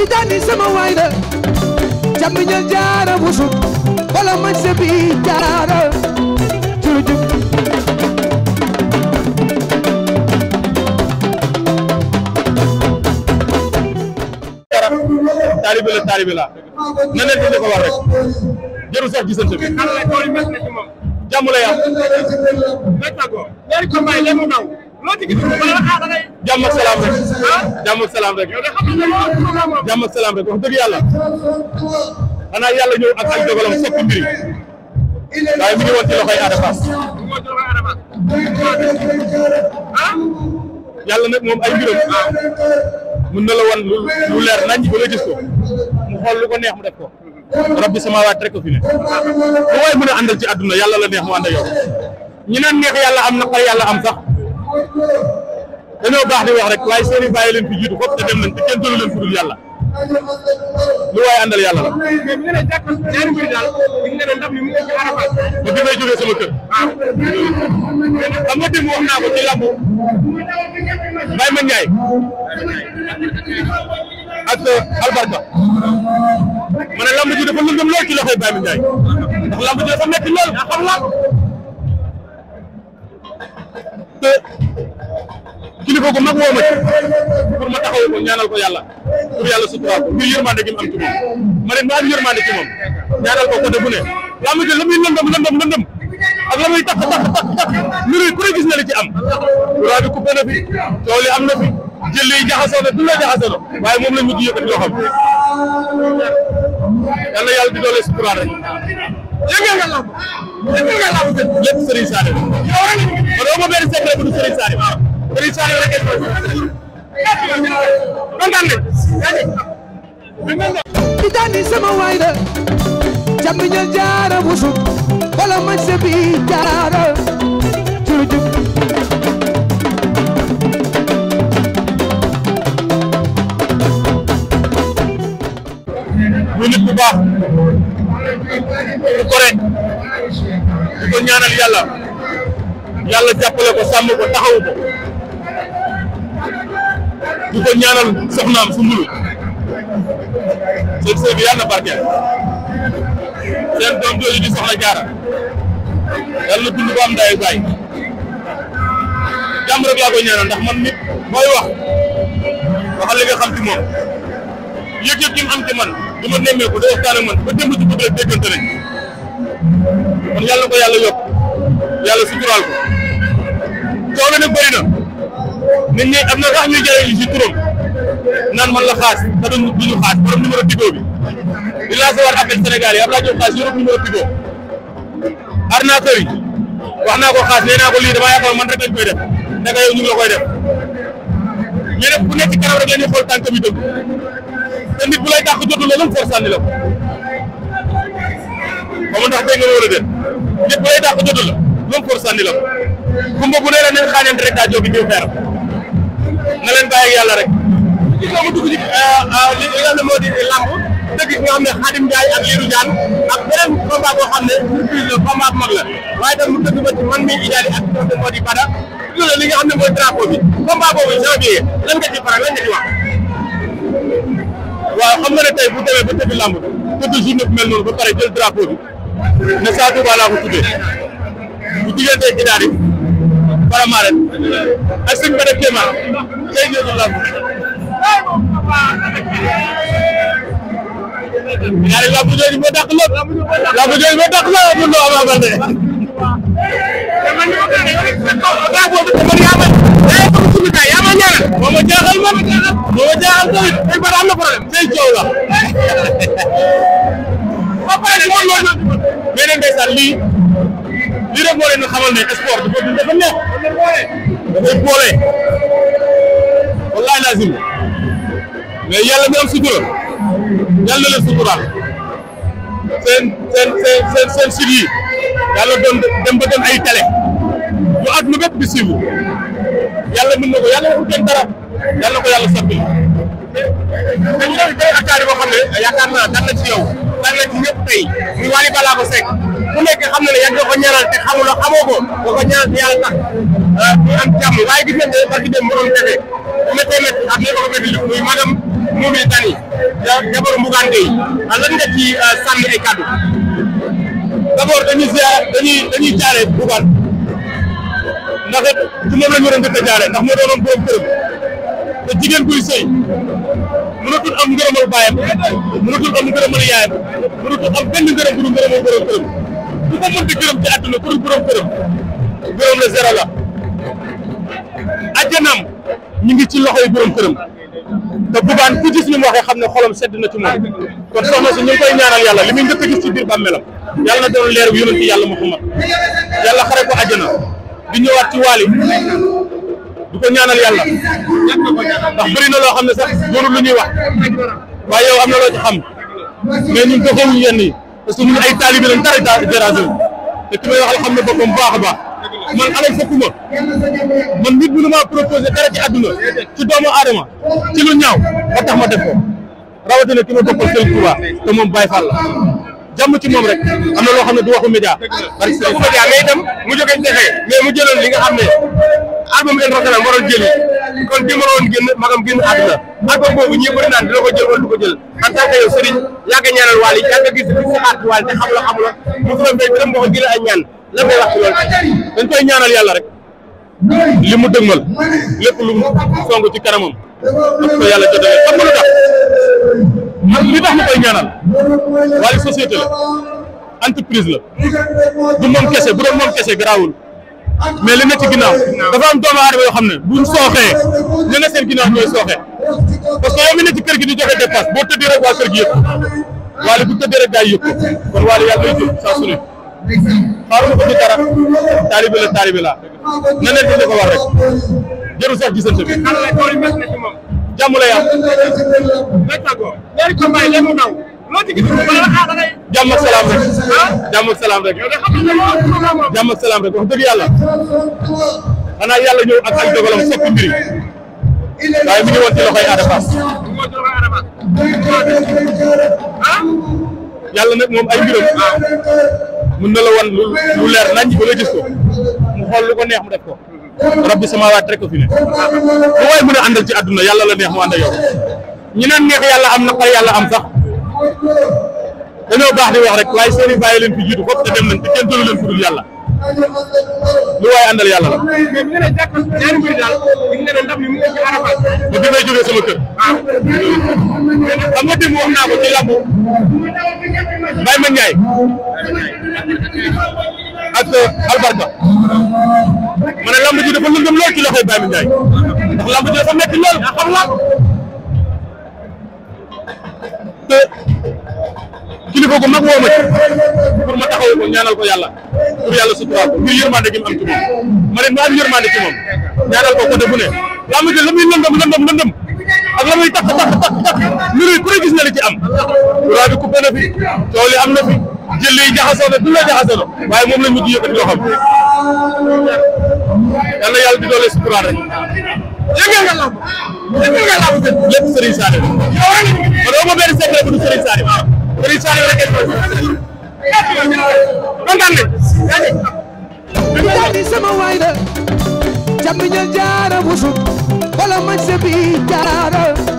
tijaani sama waay la camiñal jaara busu wala man sebi jaara jurujub taalibe la taalibe la na ne dina ko war Ah, jàmm ak salaam rek jàmm ak salaam rek jàmm ak salaam rek wax dëgg yàlla xanaa yàlla ñëw ak ak dogalam soppi mbir waaye mi ngi woon loxoy Ada yàlla nag moom ay mbiram mën na la wan lu leer nañ ba nga gis ko mu xool lu ko neex mu def ko rabbi sama rek ko fi ne bu waay mën a àndal ci àdduna yàlla la neex mu ànd ak ñi naan neex yàlla am naqar yàlla am sax dañoo baax di wax rek waaye seen leen fi jiitu foofu te dem nañ te kenn tëlu leen fudul yàlla lu waay àndal yàlla la. mais bu ñu nee jàpp ñaari mbir daal wax naa ko ci làmb Baye Man Ndiaye ak euh, albarka ma ne làmb ji dafa ci loxoy Baye Man kilifa gu mag woo ma ma taxaw ko ñaanal ko yàlla pour yàlla suturaal ko ngir yërmande gi mu am ci moom ma ne ma am yërmande ci moom ñaanal ko côté bu ne laa ma jël la muy lëndëm lëndëm lëndëm ak la muy tax tax tax tax lu ku na li ci am courant bi coupé na fi tool yi am na fi jël yi jaxasoo na du la jaxasoo na waaye moom la ñu di yëkkati loo xam yal na yàlla di doole suturaal rek yëngal nga lamb yëngal nga lamb lépp Serigne ma doon ma benn secret bu du Serigne Serigne Saliou rek kontaan sama da jaara bu sub wala ma se jaara muy nit bu baax bu correct di ko ñaanal yàlla yàlla jàppale ko sàmm ko taxawu ko di ko ñaanal soxnaam su mbulu seen sëy bi yàlla na barkeel seen doom jooju di soxna jaara yàlla na dund am ndayu baay jàmm rek laa koy ñaanal ndax man nit mooy wax waxal li nga xam ci moom yëg-yëg gi mu am ci man du ma nemmeeku da waxtaan ak man ba démb ci bëgg rek déggante nañ kon yàlla na ko yàlla yokk yàlla suturaal ko coono nag nit ñi am na sax ñuy jëlee si turam naan xaas te duñ xaas borom numéro tigo bi di lancé war appel Sénégal xaas yoroon numéro tigo arnaqueur yi wax naa ko xaas nee naa ko lii damaa yaakaar man rek lañ koy def naka yow ñu ngi la koy ku nekk kanam rek la xool tànk bi dëgg te nit bu lay dàq jotul la lan force sànni la ko ba mu ndax dégg nga wala déet nit bu lay dàq jotul la daa jóg di jiw na leen bàyyi yàlla rek. li nga xam dugg ci li nga xam ne moo di làmb dëkk nga xam ne Xadim Ndiaye ak Lirou Diane ak beneen combat xam ne surprise la combat mag la waaye tam mu dëkk ba ci man mi Idaly ak li nga moo di Bada li nga xam ne mooy drapeau bi combat boobu janvier lan nga ci faral lan nga ci wax. waaw xam nga ne tey bu demee ba tëdd làmb tëdd journée bu mel noonu ba pare jël drapeau bi ne saa tuuba ko tuddee bu diggante ci daal wala maa leen ak suñu benn kéemaan tey ñëw ñu lamb ñaari lamb jooju moo dàq lépp lamb jooju moo dàq lépp mun na Ama Baldé daa boobu te man yaa ma yaa ma suñu kaay yaa ma ñaanal moo ma jaaxal man moo ma jaaxal tamit ay bara am na problème tey coow la ba pare ci man loolu mais nag ndeysaan lii lii rek moo leen xamal ne sport dafa neex dafa boole wallaay lazim mais yàlla bi am sutura yàlla na leen suturaal seen seen seen seen seen site yi yàlla doon dem ba dem ay télé ñu at lu bépp di suivre yàlla mën na ko yàlla waxul kenn dara yàlla na yàlla soppi te ñu def tey akkaar yi boo xam ne yaakaar na ci yow daan na ci ñëpp tey ñu Wally Ballago Seck ku nekk xam na ne yàgg nga ko ñaanal te xamul xamoo ko nga ko ñaanal te yàlla tax ñu ah, am jàmm waaye gis nañ ne parce que dem mu doon jafe bu méttee métti ak nekk ko métti ah, nga ci ah, sànni ay kàddu d'abord dañuy ziar dañuy dañuy jaaree ndax it moom la ñu war a njëkk a jaaree ndax moo doonoon boobu kërëm te jigéen buy sëy mënatul am ngërëmal baayam mënatul am ngërëmal yaayam mënatul am benn ngërëm bu dul ngërëmal borom kërëm bu ko mënti gërëm ci àdduna pour borom gërëm gërëm la zéro la ajjanam ñu ngi ci loxoy borom kërëm te bubaan ku gis ni mu waxee xam ne xolam sedd na ci moom kon soxna si ñu ngi koy ñaanal yàlla li muy njëkk a gis ci biir bàmmeelam yàlla na doon leer bu yonent yàlla Muhammad yàlla xare ko ajjana di ñëwaat ci waali du ko ñaanal yàlla ndax bëri na loo xam ne sax doonul lu ñuy wax waaye yow am na loo ci xam mais ñun doxewuñu yenn yi parce que ñun ay taalibe lañ dara daal déranger te ki may xam ne boppam baax a baax man alal fokkuma man nit mënu maa proposé dara ci àdduna ci doomu aadama ci lu ñaaw ba tax ma def ko rawatina ki ma bokkal Serigne Touba te moom Baye Fall la jàmm ci moom rek am na loo xam ne du waxu média parce que waxu média mais itam mu jógee texe mais mu jëloon li nga xam ne album en rokanam waroon jëli kon bi ma doon génn magam génn àdduna ak boobu ñëpp bëri naan dina ko jël wala du ko jël en tant que yow sëriñ yàgg a ñaanal waal yi yàgg a gis li si xaar ci waal te xam la xam la bu boo ko jëlee ay ñaan lan ngay wax ci loolu dañ koy ñaanal yàlla rek li mu dëgmal lépp lu mu ci kanamam daf ko yàlla jotale xam nga lu tax man li tax ma koy ñaanal waali société la entreprise la du moom kese bu doon moom kese garaawul mais li nekk ci ginnaaw dafa am doomu aadama yoo xam ne buñ sooxee ñu ne seen ginnaaw ñooy sooxee parce que yow mi ci kër gi di joxe dépasse boo tëddee rek waa kër gi yëpp waale bu tëddee rek gaa yi yëpp kon waale yàlla lay jël saa su ne xaaruma ko ci dara taalibe la taalibe la na nekk li ko war rek jëru sax gisante bi jàmm lay am. jàmm ak salaam rek jàmm ak salaam rek jàmm ak salaam rek wax dëgg yàlla xanaa yàlla ñëw ak ay dogalam soppi mbir yi waaye mi ngi loxoy Ada yàlla nag moom ay mbiram mën na la wan lu leer nañ ba nga mu xool lu ko neex mu def ko rabbi samaawaat rek ko fi ne bu waaye mën a àndal ci àdduna yàlla la neex mu ànd ak ñi naan neex yàlla am naqar yàlla am sax dañoo baax di wax rek waaye seen i bàyyi leen fi jiitu foofu te dem nañ te kenn tëlu leen fi yàlla lu waay àndal yàlla la. mais bu ñu nee jàkk ñaari mu xam nga démb wax naa ko ci làmb Mbaye Ma Ndiaye euh, Albarka ma ne ji dafa lëndëm lool ci loxoy Mbaye Ma Ndiaye te kilifa gu mag woo ma ci ma taxaw ko ñaanal ko yàlla pour yàlla suturaal ko ngir yërmande gi mu am ci moom ma ne ma am yërmande ci moom ñaanal ko côté bu ne daa ma jël la muy lëndëm lëndëm lëndëm ak la takk takk takk takk lu rëy ku ne gis na li ci am courant bi coupé na fi coow li am na fi jël yi du la jaxasoo na moom la ñu di yëkkati loo xam yàlla yàlla di doole suturaal rek yëngal nga làmb yëngal nga làmb lépp Serigne Saliou yow rek man doo ma benn secret bu du Serigne Saliou Serigne Saliou rek kontaan nañ sama waay la jàmm ñal jaara busub wala mañ se bi jaara